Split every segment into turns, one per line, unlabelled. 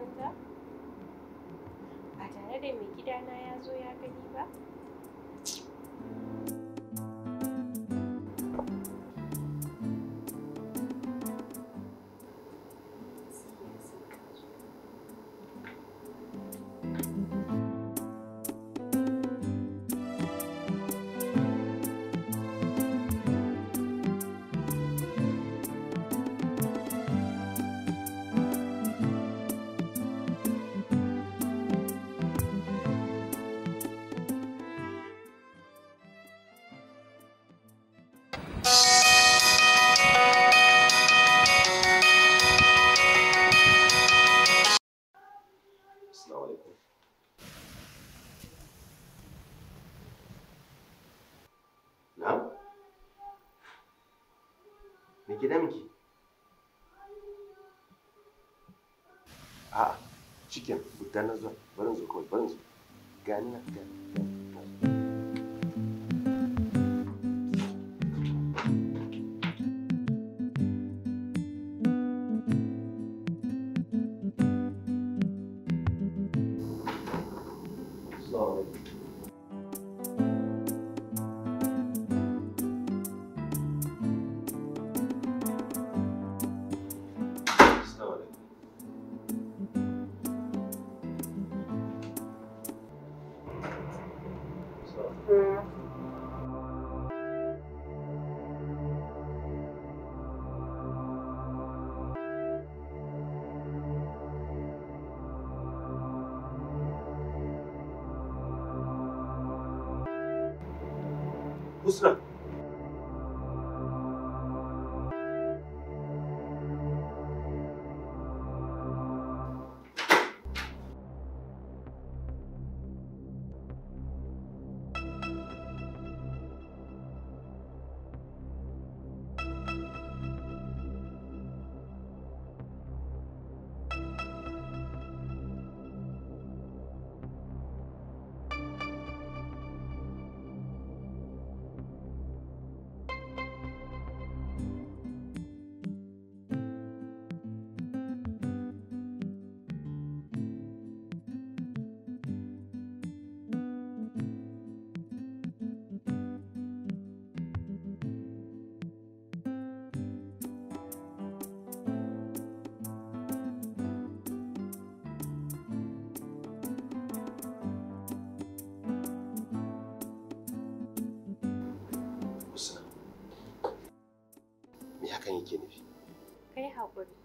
manta ba tare da mai gidana ya zo ya gani ba
gida muke a'a cikin gudanar zuwa barin zuwa kawai barin zuwa gani na gani Assalamu alaikum. Husna. yake nufi
kai haƙuri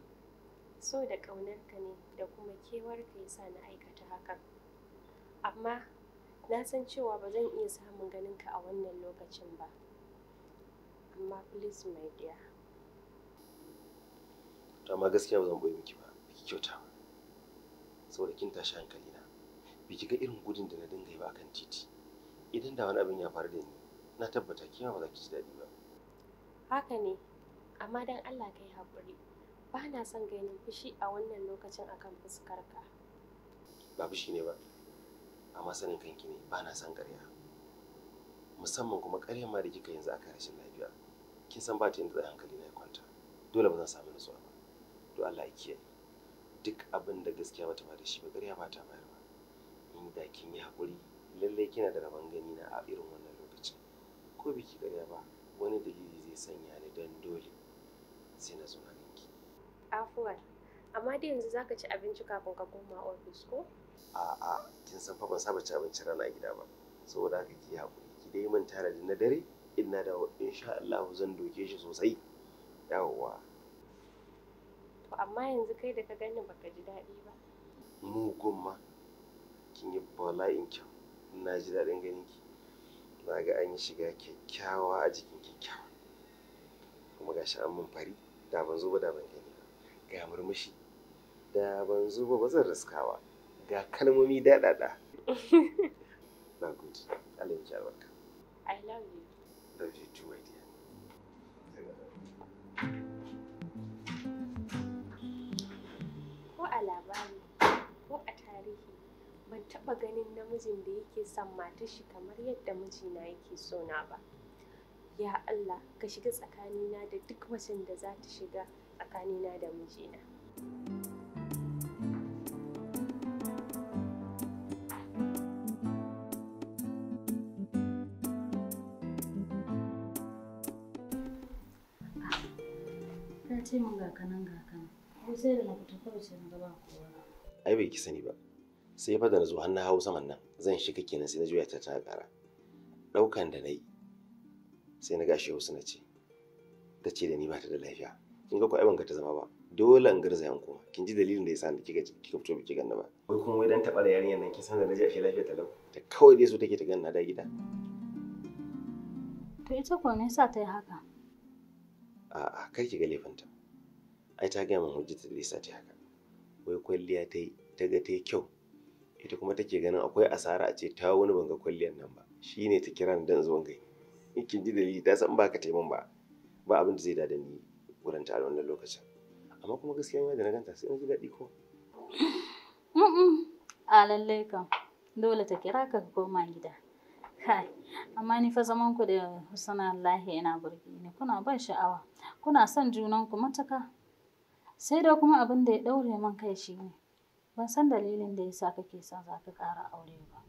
so da ƙaunarka ne da kuma kewarka ya sa na aikata hakan amma na san cewa ba zan iya samun ganinka a wannan lokacin ba amma please my dear
to amma gaskiya ba zan boye miki ba ki kyauta saboda kin tashi hankali na biki ga irin gudun da na dinga yi ba akan titi idan da wani abin ya faru da ni na tabbata kima ba za ki ji daɗi ba
haka ne amma don Allah ka yi haƙuri ba na son ganin fushi a wannan lokacin akan fuskarka
ba fushi ne ba amma sanin kanki ne ba na son ƙarya musamman kuma ƙaryar ma da kika yanzu aka rashin lafiya kin san ba ta yadda zai hankali na ya kwanta dole ba zan samu nutsuwa ba to Allah ya kiyaye duk abin da gaskiya bata ba da shi ba ƙarya ba ta bayar ba in da kin yi haƙuri lallai kina da rabon gani na a irin wannan lokacin ko biki ƙarya ba wani dalili zai sanya ni dan dole sai na zo na ganki
amma dai yanzu za ka ci abinci kafin ka koma ofis ko
a'a kin san fa ban saba ci abinci rana a gida ba saboda haka ki haƙuri ki dai manta da na dare in na dawo sha Allah zan doke shi sosai yawwa
to amma yanzu kai da ka gani baka ji daɗi ba
mugun ma kin yi bala'in kyau na ji daɗin ganin ki na ga an yi shiga kyakkyawa a jikin kyakkyawa kuma gashi an mun fari da ban zo ba da ban gani ga murmushi da ban zo ba ba zan raskawa. ga kalmomi daɗaɗa na gode alayin ya albarka I love you love you too my dear
ko a labari ko a tarihi ban taɓa ganin namijin da yake son matar shi kamar yadda mijina yake so na ba ya Allah ka shiga tsakanina da duk macen da za ta shiga tsakanina da mijina. Ta ce min ga kanan ko sai da na kawai na gaba kowa.
Ai bai ki sani ba, sai fa da na zo har na hau saman nan zan shiga kenan sai na juya ta ta Ɗaukan da na yi sai na gashi na ce ta ce da ni ba ta da lafiya kin ga ko ai ban ga ta zama ba dole in garza yanko. kin ji dalilin da yasa ni kika kika fito biki ganna ba wai kuma wai dan taba da yarinyar nan kin san da naji ashe lafiya talau ta kawai dai so take ta ganna da gida
to ita ko ne sa ta yi haka
a'a kai ki ga laifinta ai ta gaya mun hujjata da yasa ta yi haka wai kwalliya ta yi ta ga ta yi kyau ita kuma take ganin akwai asara a ce ta wani banga kwalliyar nan ba shine ta kira ni dan zuwan gani kin ji da yi ta san ba ka ba ba abin da zai dada ni wurin ta a wannan lokacin amma kuma gaskiya da na ganta sai in ji daɗi ko
a lallai kam dole ta kira ka koma gida kai amma ni fa zaman ku da husana Allah yana burge ni kuna ban sha'awa kuna son junan ku mataka sai da kuma abin da ya daure man kai shi ne ban san dalilin da yasa kake son za ka ƙara aure ba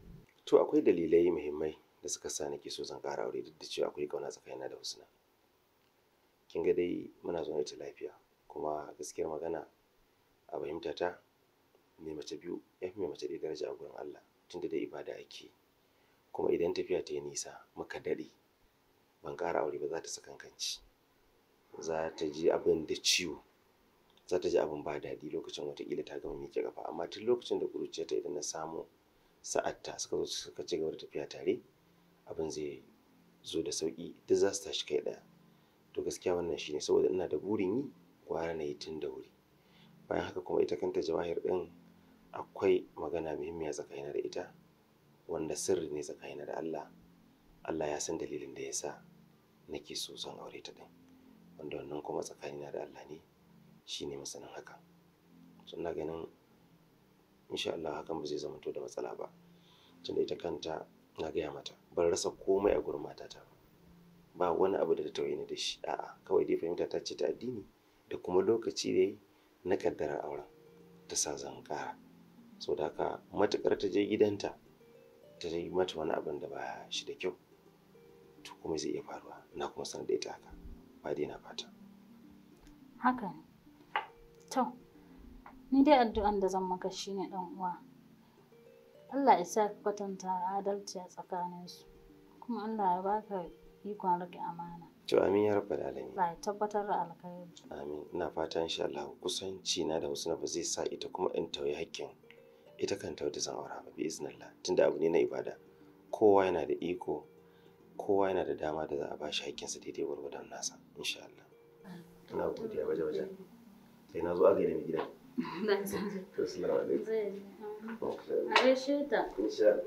to akwai dalilai muhimmai da suka sa nake so zan ƙara aure duk da cewa akwai ƙauna tsakanina da Husna. Kin ga dai muna zaune ta lafiya kuma gaskiyar magana a fahimta ta mai mace biyu ya fi mai mace ɗaya daraja a gurin Allah tun da dai ibada ake kuma idan tafiya ta yi nisa muka daɗe ban ƙara aure ba za ta sakankanci za ta ji abin da ciwo za ta ji abin ba daɗi lokacin watakila ta gama miƙe ƙafa amma tun lokacin da ƙuruciyarta idan na samu sa'atta suka zo suka ci gaba da tafiya tare abin zai zo da sauƙi duk za su tashi kai ɗaya to gaskiya wannan shine saboda ina da burin yi gwara na yi tun da wuri bayan haka kuma ita kanta jawahir ɗin akwai magana muhimmiya tsakanina da ita wanda sirri ne tsakanina da Allah Allah ya san dalilin da ya sa nake so son aure ta ɗin wanda wannan kuma tsakanina da Allah ne shi ne masanin hakan so ganin insha Allah hakan ba zai zama to da matsala ba tunda ita kanta na gaya mata ban rasa komai a gurin matata ba wani abu da ta tauye ni da shi a'a kawai dai fahimta ta ce ta addini da kuma lokaci da na kaddarar auren ta sa zan kara so da haka matukar ta je gidanta ta yi mata wani abin da ba shi da kyau to kuma zai iya faruwa na kuma sanadaita da ita haka ba dai na fata
haka ne to ni dai addu'an da zan maka shine dan uwa Allah ya sa ka kwatanta adalci a tsakaninsu kuma Allah ya baka ikon rage amana.
To amin ya da alamin.
Allah ya tabbatar da alkhairi.
Amin. Ina fata insha Allah kusanci na da Husna ba zai sa ita kuma in tauye hakkin ita kan tauta zan aura ba bi iznillah tunda abu ne na ibada. Kowa yana da iko kowa yana da dama da za a ba shi hakkinsa daidai gwargwadon nasa insha Allah. Ina godiya waje-waje. Sai na zo a gaida mai gidan. Das ist meine. Das ist
meine. Das ist meine.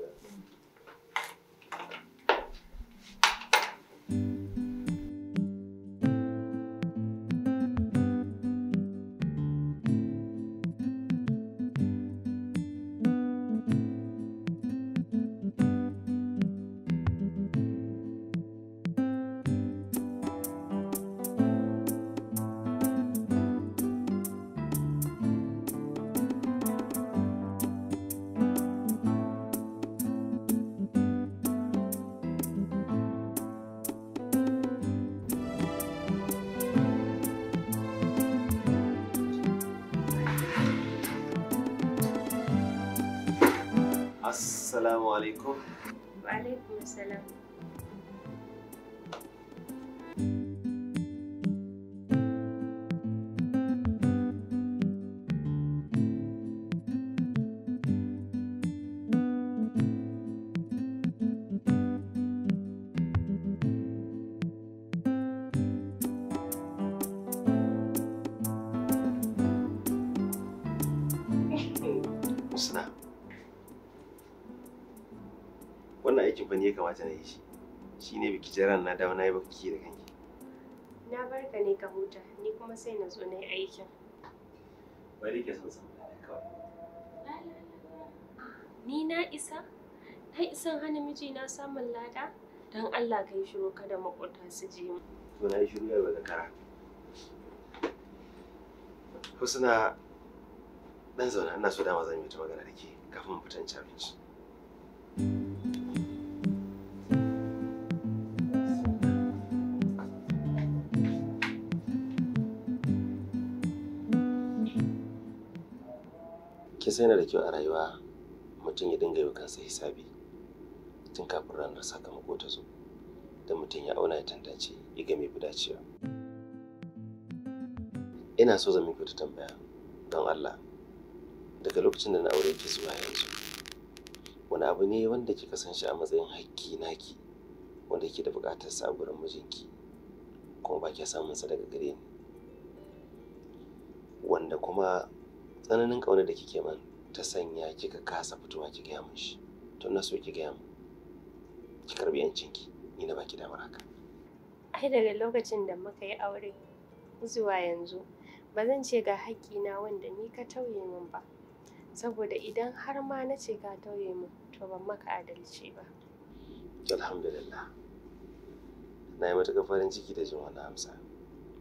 السلام عليكم وعليكم السلام
snap wannan aikin fa ne ya kamata na yi shi shi ne biki jiran na dawo na yi baki da
kanki na barka ne ka huta ni kuma sai na zo na yi aikin bari ke son san kawai ni na isa na isan hana mijina samun lada don Allah ka yi shiru kada makwabta su je mu
to na yi shiru yau da kara Husna dan zauna ina so dama zan yi ta magana da ke kafin mu fita abinci kin sai yana da kyau a rayuwa mutum ya dinga yi kansa hisabi tun kafin ranar sakamako ta zo da mutum ya auna ya tantance ya ga mai fi ina so zan miki wata tambaya don Allah daga lokacin da na aure ki zuwa yanzu wani abu ne wanda kika san shi a matsayin hakki naki wanda ke da buƙatar sa gurin mijinki kuma ba ki samun sa daga gare ni wanda kuma tsananin ƙaunar da kike man ta sanya kika kasa fitowa ki gaya min shi tun na so ki gaya min ki karbi ki ni na baki damar haka
ai daga lokacin da muka yi aure zuwa yanzu ba zan ce ga haƙƙina wanda ni ka tauye min ba saboda idan har ma na ce ka tauye min to ban maka adalci ba
alhamdulillah na yi matuƙar farin ciki da jin wannan amsa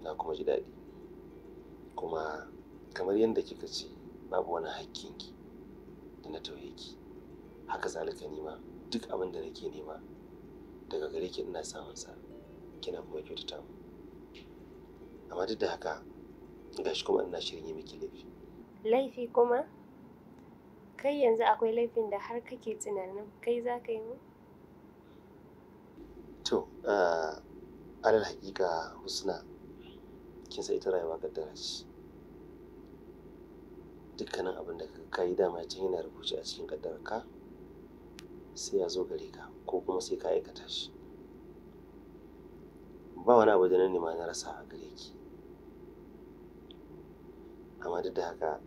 na kuma ji daɗi kuma kamar yadda kika ce babu wani hakkinki da na tauye ki haka zalika ma duk abin da nake nema daga gare ki ina samun sa kina kuma kyautata mu amma duk da haka gashi kuma ina shirin yi miki laifi
laifi kuma kai yanzu akwai laifin da har kake tunanin kai za ka yi mu
to ah, alal hakika husna kin sa ita rayuwa kaddara ce dukkanin abin da ka yi dama can yana rubuce a cikin ƙaddararka sai ya zo gare ka ko kuma sai ka aikata shi ba wani abu da na nema na rasa a gare ki amma duk da haka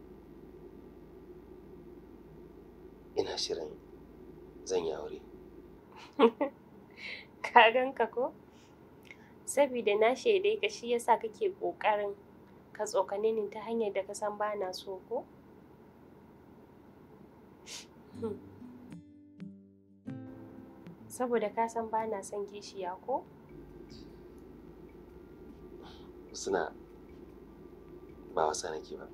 ina shirin zan yi aure
ka ka ko saboda na shaidai ka shi yasa kake ƙoƙarin ka tsokane ni ta hanyar da ka san ba na so ko Hmm. Saboda ka san ba na son kishiya ko?
Suna ba wasa nake ba.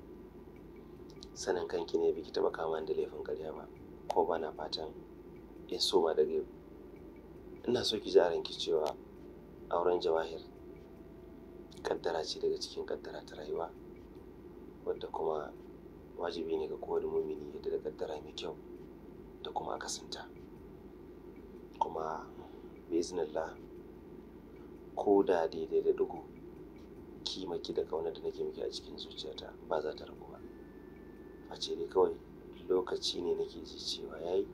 Sanin kanki ne biki taba kama da laifin karya ba, ko ba na fatan in so ma daga yau. Ina so ki ji a cewa auren jawahir kaddara ce daga cikin kaddara ta rayuwa wadda kuma wajibi ne ga kowane mumini yadda da kaddara mai kyau da kuma kasanta, kuma bezinallah ko da daidai da dugu kimaki da ƙaunar da nake miki a cikin zuciyata ba za ta rabu ba a ce dai kawai lokaci ne nake ji cewa yayi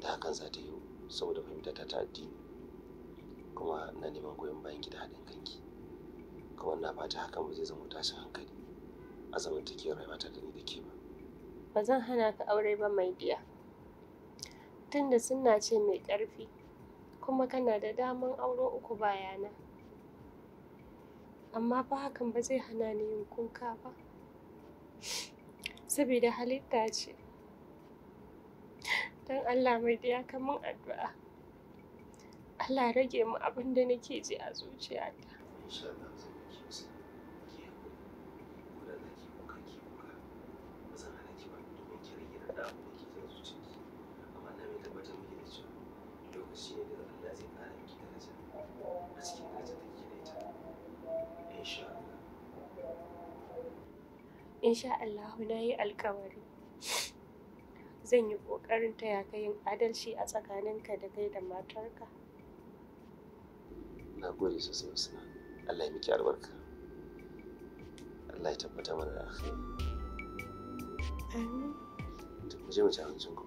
da hakan za ta yi saboda fahimtata ta addini kuma na neman goyon bayan ki da haɗin kanki kuma na fata hakan ba zai zama tashin hankali a zamantakewar rayuwata
da ni da ke ba ba zan hana ka aure ba mai biya tunda suna ce mai ƙarfi kuma kana da daman auro uku bayana amma fa hakan ba zai hana ni yin kuka ba saboda halitta ce don Allah mai da ya kamun addu'a Allah rage mu abin da nake ji a zuciyata
Thank you. zo
lokaci na yi alkawari zan yi ƙoƙarin taya ka yin adalci a tsakaninka da kai da matarka
na gode sosai musa Allah ya miki albarka Allah ya tabbata mana da alkhairi amin to mu je mu ci abincin ku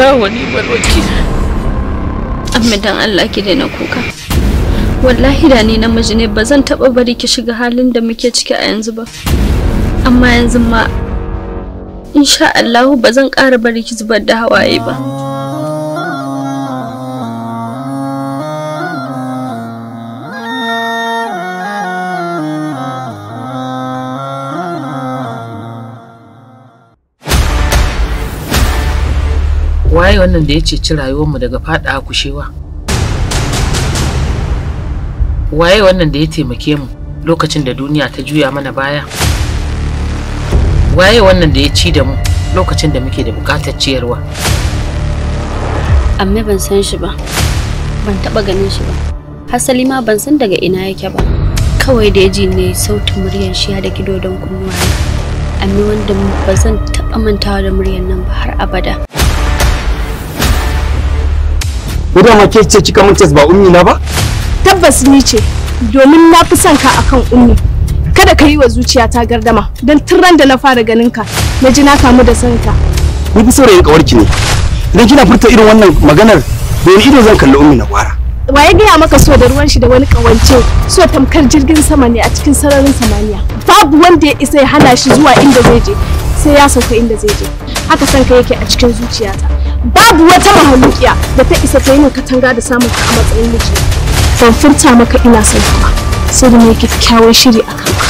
ba wani malwaki
amma dan Allah ki daina kuka wallahi da ni namiji ne ba zan taba bari ki shiga halin da muke ciki a yanzu ba amma yanzu ma insha Allah ba zan ƙara bari ki zubar da hawaye ba
wannan da ya ceci rayuwarmu daga faɗa kushewa waye wannan da ya taimake mu lokacin da duniya ta juya mana baya waye wannan da ya ci da mu lokacin da muke da buƙatar ciyarwa
amma ban san shi ba ban taɓa ganin shi ba hasali ma ban san daga ina yake ba kawai da ji ne sautin muryar shi da gido don kunnuwa amma wanda ban san taɓa mantawa da muryar nan ba har abada
ko da ma ke ce kika mun ba ummi na ba tabbas ni ce domin na fi son ka akan ummi kada ka yi wa zuciya ta gardama don ran da na fara ganin ka na ji na kamu da son ka ni fi saurayin ki ne idan kina furta irin wannan maganar da wani ido zan kalli ummi na gwara wa ya gaya maka so da ruwan shi da wani kawance so tamkar jirgin sama ne a cikin sararin samaniya babu wanda ya isa ya hana shi zuwa inda zai je sai ya sauka inda zai je haka san ka yake a cikin zuciyata babu wata mahalukiya da ta isa ta yi min katanga da samun ka a matsayin miji ban furta maka ina son ka sai da mai kyakkyawan shiri a kanka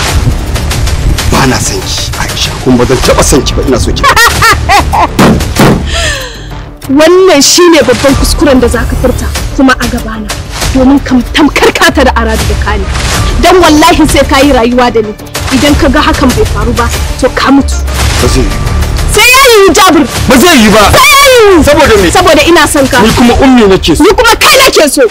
ba na son ki Aisha
kuma ba zan taba son ki ba ina so ki
wannan shine babban kuskuren da zaka furta kuma a gabana domin ka tamkar ta da aradu da kani dan wallahi sai ka yi rayuwa da ni idan ka ga hakan bai faru ba to ka mutu zai yi jabir ba zai yi ba saboda me saboda ina son ka ni kuma ummi nake so ni kuma kai nake so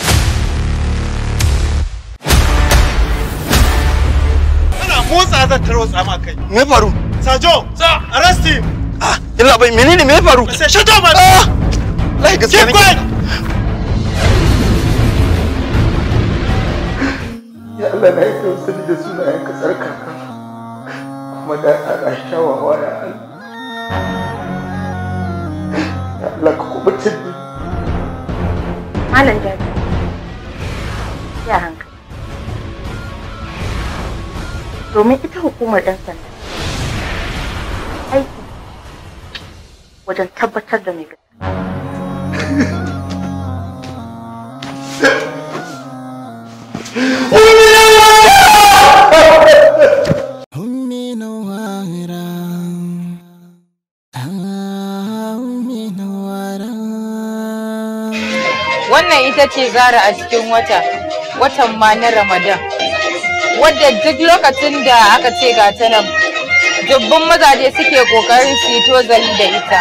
kana motsa zan taro tsama kai me faru sajo sa arrest him ah illa bai menene me faru shut up ah lai gaskiya ne ya Allah na yi da sunayen kasar tsarkaka kuma
da a rashawa wa Allah Allah ka kubutar da Malam Jabi, ya hankali. Domin ita hukumar 'yan sanda,
aiki wajen tabbatar da mai gaskiya.
ita ce gara a cikin wata watan ma na ramadan wadda duk lokacin da aka ce ga ta nan
dubbin mazaje suke kokarin su yi da ita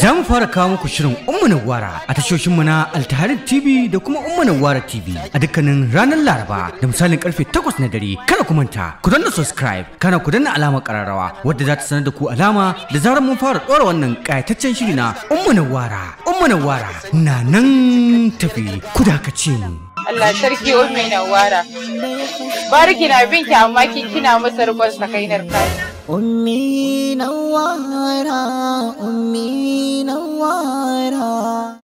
za fara kawo muku shirin umma wara a mu na altaharin tv da kuma umma wara tv a dukkanin ranar laraba da misalin karfe 8 na dare Kana ku manta ku danna subscribe kana ku danna alama kararrawa wadda za ta sanar da ku alama da zarar mun fara ɗora wannan ƙayataccen shiri na umma wara umma wara na nan tafi ku ce mu
Allah sarki umma wara barki na binki amma kin kina masa rubon sakainar kai
ummi wara, ummi wara.